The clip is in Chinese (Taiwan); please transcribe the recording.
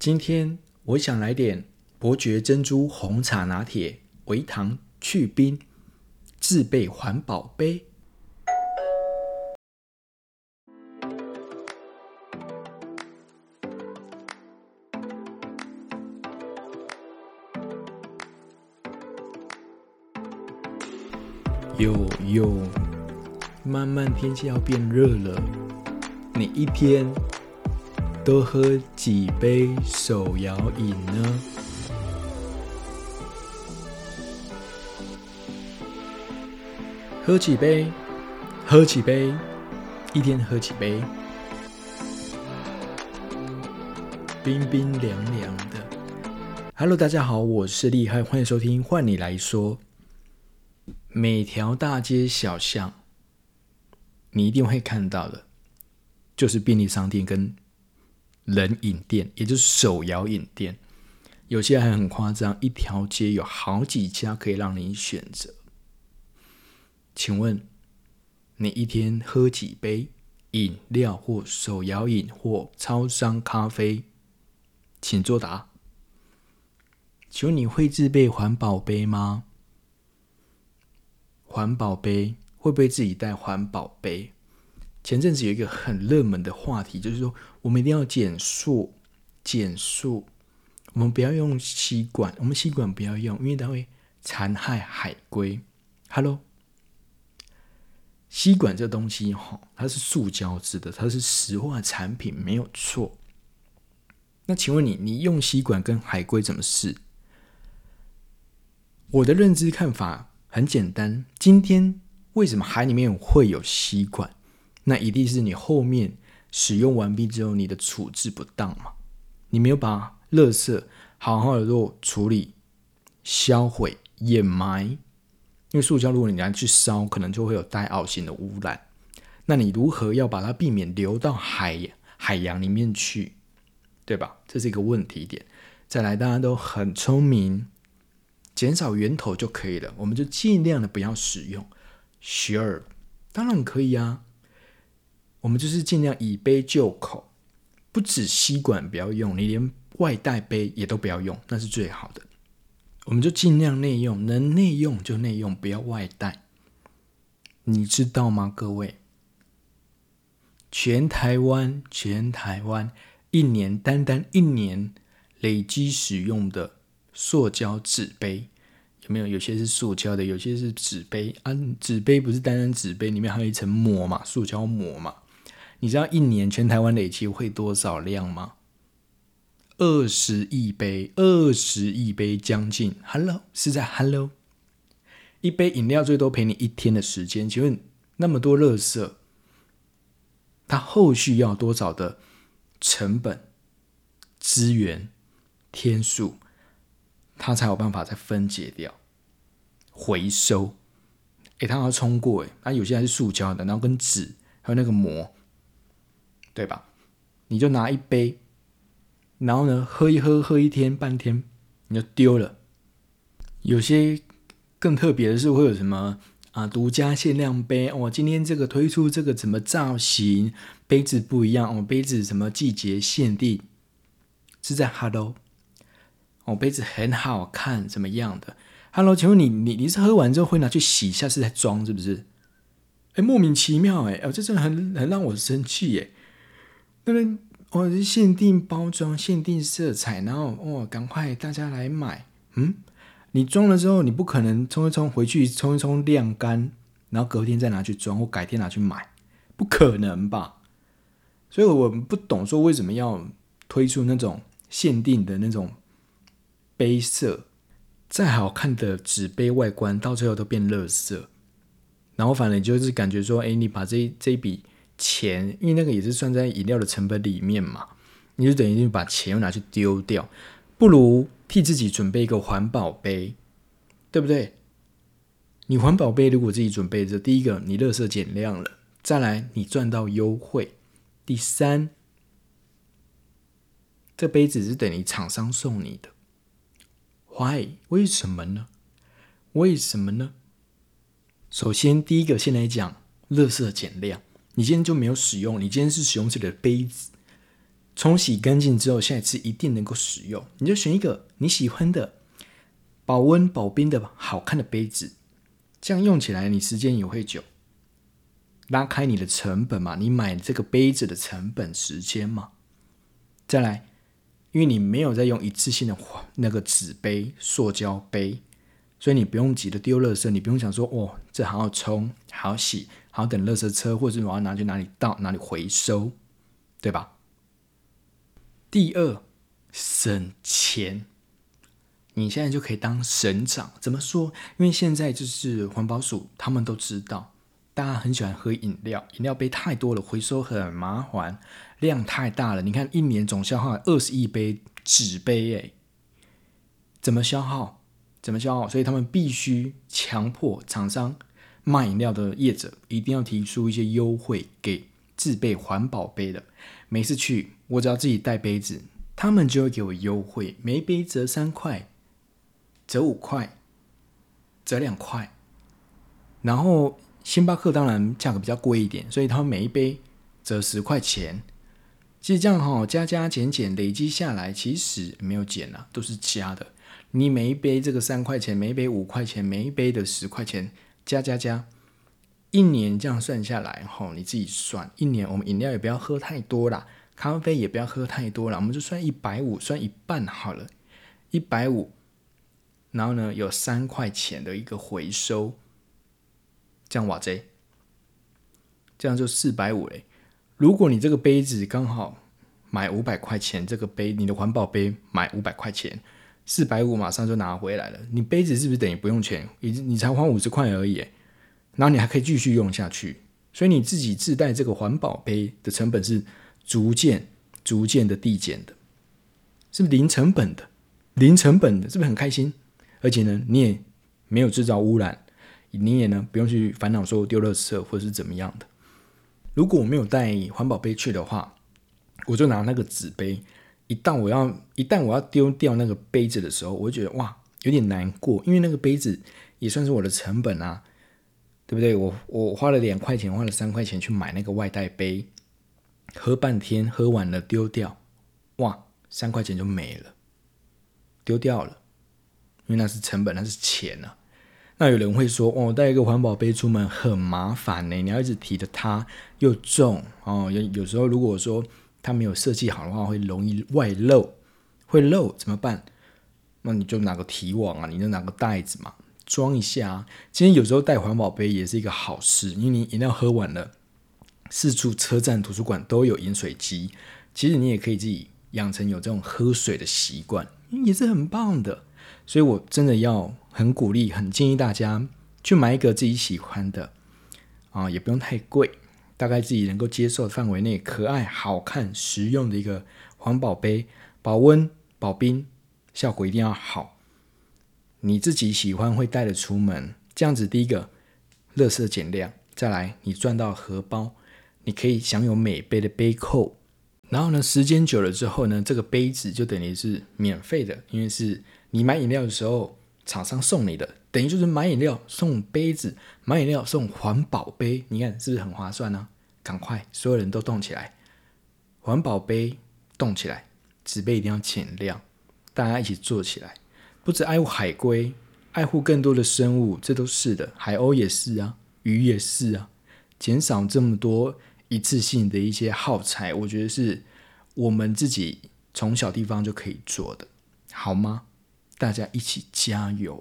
今天我想來點伯爵珍珠紅茶拿鐵，微糖去冰，自備環保杯。喲喲，慢慢天氣要變熱了，你一天。多喝幾杯手搖飲呢？喝幾杯，喝幾杯，一天喝幾杯，冰冰涼涼的。Hello，大家好，我是厲害，歡迎收聽《換你來說》。每條大街小巷，你一定會看到的，就是便利商店跟。冷飲店，也就是手搖飲店，有些還很誇張，一條街有好幾家可以讓您選擇。請問你一天喝幾杯飲料或手搖飲或超商咖啡？請作答。請問你會自備環保杯嗎？環保杯會不會自己帶環保杯？前陣子有一個很熱門的話題，就是說我們一定要減塑，減塑。我們不要用吸管，我們吸管不要用，因為它會殘害海龜。Hello，吸管這東西哈、哦，它是塑膠制的，它是石化產品，沒有錯。那請問你，你用吸管跟海龜怎麼試？我的認知看法很簡單，今天為什麼海裡面會有吸管？那一定是你後面使用完畢之後，你的處置不當嘛。你沒有把垃圾好好的做處理、銷毀、掩埋，因為塑膠如果你拿去燒，可能就會有帶奧辛的污染。那你如何要把它避免流到海海洋裡面去，對吧？這是一個問題點。再來，大家都很聰明，減少源頭就可以了，我們就儘量的不要使用。Sure，當然可以啊。我們就是盡量以杯就口，不止吸管不要用，你連外帶杯也都不要用，那是最好的。我們就盡量內用，能內用就內用，不要外帶。你知道嗎，各位？全台灣，全台灣，一年單單一年累積使用的塑膠紙杯有沒有？有些是塑膠的，有些是紙杯啊，紙杯不是單單紙杯，裡面還有一層膜嘛，塑膠膜嘛。你知道一年全台灣累計會多少量嗎？二十億杯，二十億杯將近。Hello，是在 Hello？一杯飲料最多陪你一天的時間，請問那麼多垃圾，它後續要多少的成本、資源、天數，它才有辦法再分解掉、回收？哎、欸，它好像沖過哎，它有些還是塑膠的，然後跟紙還有那個膜。對吧？你就拿一杯，然後呢，喝一喝，喝一天半天，你就丟了。有些更特別的是會有什麼啊？獨家限量杯哦，今天這個推出這個怎麼造型？杯子不一樣哦，杯子什麼季節限定？是在 Hello，哦，杯子很好看，怎麼樣的？Hello，請問你你你是喝完之後會拿去洗一下是在裝是不是？哎，莫名其妙哎，欸，哦，這真的很很讓我生氣哎，欸。哦，是限定包裝、限定色彩，然後哦，趕快大家來買。嗯，你裝了之後，你不可能沖一沖回去，沖一沖晾乾，然後隔天再拿去裝，或改天拿去買，不可能吧？所以我不懂說為什麼要推出那種限定的那種杯色，再好看的紙杯外觀，到最後都變垃圾，然後反正就是感覺說，誒，你把這這筆。錢，因為那個也是算在飲料的成本裡面嘛，你就等於把錢又拿去丟掉，不如替自己準備一個環保杯，對不對？你環保杯如果自己準備着，第一個你垃圾減量了，再來你賺到優惠，第三，這杯子是等於廠商送你的，Why？為什麼呢？為什麼呢？首先第一個先來講垃圾減量。你今天就沒有使用，你今天是使用自己的杯子，沖洗乾淨之後，下一次一定能夠使用。你就選一個你喜歡的保溫、保冰的好看的杯子，這樣用起來你時間也會久，拉開你的成本嘛，你買這個杯子的成本時間嘛。再來，因為你沒有在用一次性的那個紙杯、塑膠杯。所以你不用急着丟垃圾，你不用想說哦，這還要沖，還要洗，還要等垃圾車，或者是我要拿去哪裡倒，哪裡回收，對吧？第二，省錢，你現在就可以當省長。怎麼說？因為現在就是環保署，他們都知道，大家很喜歡喝飲料，飲料杯太多了，回收很麻煩，量太大了。你看，一年總消耗二十億杯紙杯誒、欸，怎麼消耗？怎麼消耗？所以他們必須強迫廠商賣飲料的業者一定要提出一些優惠給自備環保杯的。每次去，我只要自己帶杯子，他們就會給我優惠，每一杯折三塊，折五塊，折兩塊。然後星巴克當然價格比較貴一點，所以他們每一杯折十塊錢。其實這樣哈、哦，加加減減累積下來，其實沒有減啦、啊，都是加的。你每一杯這個三塊錢，每一杯五塊錢，每一杯的十塊錢，加加加，一年這樣算下來，齁，你自己算。一年我們飲料也不要喝太多啦，咖啡也不要喝太多啦，我們就算一百五，算一半好了，一百五，然後呢，有三塊錢的一個回收，這樣哇這。這樣就四百五嘞。如果你這個杯子剛好買五百塊錢，這個杯，你的環保杯買五百塊錢。四百五馬上就拿回來了，你杯子是不是等於不用錢？你你才花五十塊而已，然後你還可以繼續用下去，所以你自己自帶這個環保杯的成本是逐漸逐漸的遞減的，是不？零成本的，零成本的，是不是很開心？而且呢，你也沒有制造污染，你也呢不用去煩惱說丟垃圾或者是怎麼樣的。如果我沒有帶環保杯去的話，我就拿那個紙杯。一旦我要一旦我要丟掉那個杯子的時候，我就覺得哇，有點難過，因為那個杯子也算是我的成本啊，對不對？我我花了兩塊錢，花了三塊錢去買那個外帶杯，喝半天喝完了丟掉，哇，三塊錢就沒了，丟掉了，因為那是成本，那是錢啊。那有人會說，哦，帶一個環保杯出門很麻煩呢、欸，你要一直提着它又重哦，有有時候如果說。它沒有設計好的話，會容易外漏，會漏怎麼辦？那你就拿個提網啊，你就拿個袋子嘛，裝一下啊。其實有時候帶環保杯也是一個好事，因為你飲料喝完了，四處車站、圖書館都有飲水機，其實你也可以自己養成有這種喝水的習慣，也是很棒的。所以，我真的要很鼓勵、很建議大家去買一個自己喜歡的，啊，也不用太貴。大概自己能夠接受的範圍內，可愛、好看、實用的一個環保杯，保溫、保冰效果一定要好。你自己喜歡會帶着出門，這樣子第一個，垃圾減量，再來你賺到荷包，你可以享有美杯的杯扣。然後呢，時間久了之後呢，這個杯子就等於是免費的，因為是你買飲料的時候，廠商送你的，等於就是買飲料送杯子，買飲料送環保杯，你看是不是很划算呢、啊？趕快，所有人都動起來！環保杯動起來，紙杯一定要減量，大家一起做起來。不只愛護海龜，愛護更多的生物，這都是的，海鷗也是啊，魚也是啊。減少這麼多一次性的一些耗材，我覺得是我們自己從小地方就可以做的，好嗎？大家一起加油！